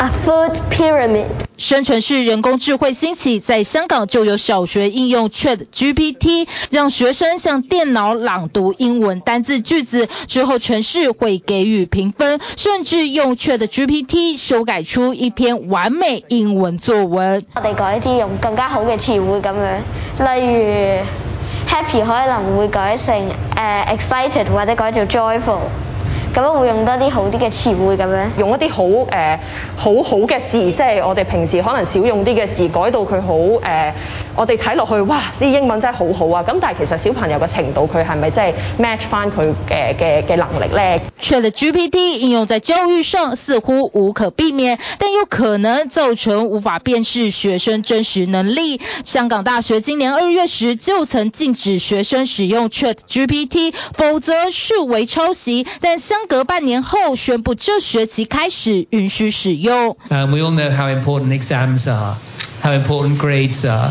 A food pyramid. 深城市人工智慧興起，在香港就有小學應用 ChatGPT，讓學生向電腦朗讀英文單字句子，之後程式會給予評分，甚至用 ChatGPT 修改出一篇完美英文作文。我哋改一啲用更加好嘅詞彙咁樣，例如 happy 可能會改成、uh, excited，或者改做 joyful。咁樣會用多啲好啲嘅詞彙，咁樣，用一啲、呃、好誒好好嘅字，即係我哋平時可能少用啲嘅字，改到佢好誒。呃我哋睇落去，哇！啲英文真係好好啊。咁但係其實小朋友嘅程度，佢係咪真係 match 翻佢嘅嘅嘅能力呢？Chat GPT 應用在教育上似乎無可避免，但又可能造成無法辨識學生真實能力。香港大學今年二月時就曾禁止學生使用 Chat GPT，否則視為抄襲。但相隔半年後宣布，這學期開始允許使用。We all know how important exams are, how important grades are.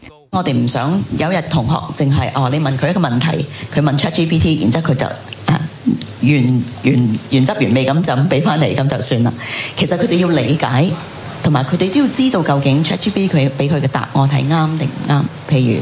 我哋唔想有日同學淨係哦，你問佢一個問題，佢問 ChatGPT，然之後佢就啊原原原汁原味咁就俾翻嚟咁就算啦。其實佢哋要理解，同埋佢哋都要知道究竟 ChatGPT 佢俾佢嘅答案係啱定唔啱。譬如。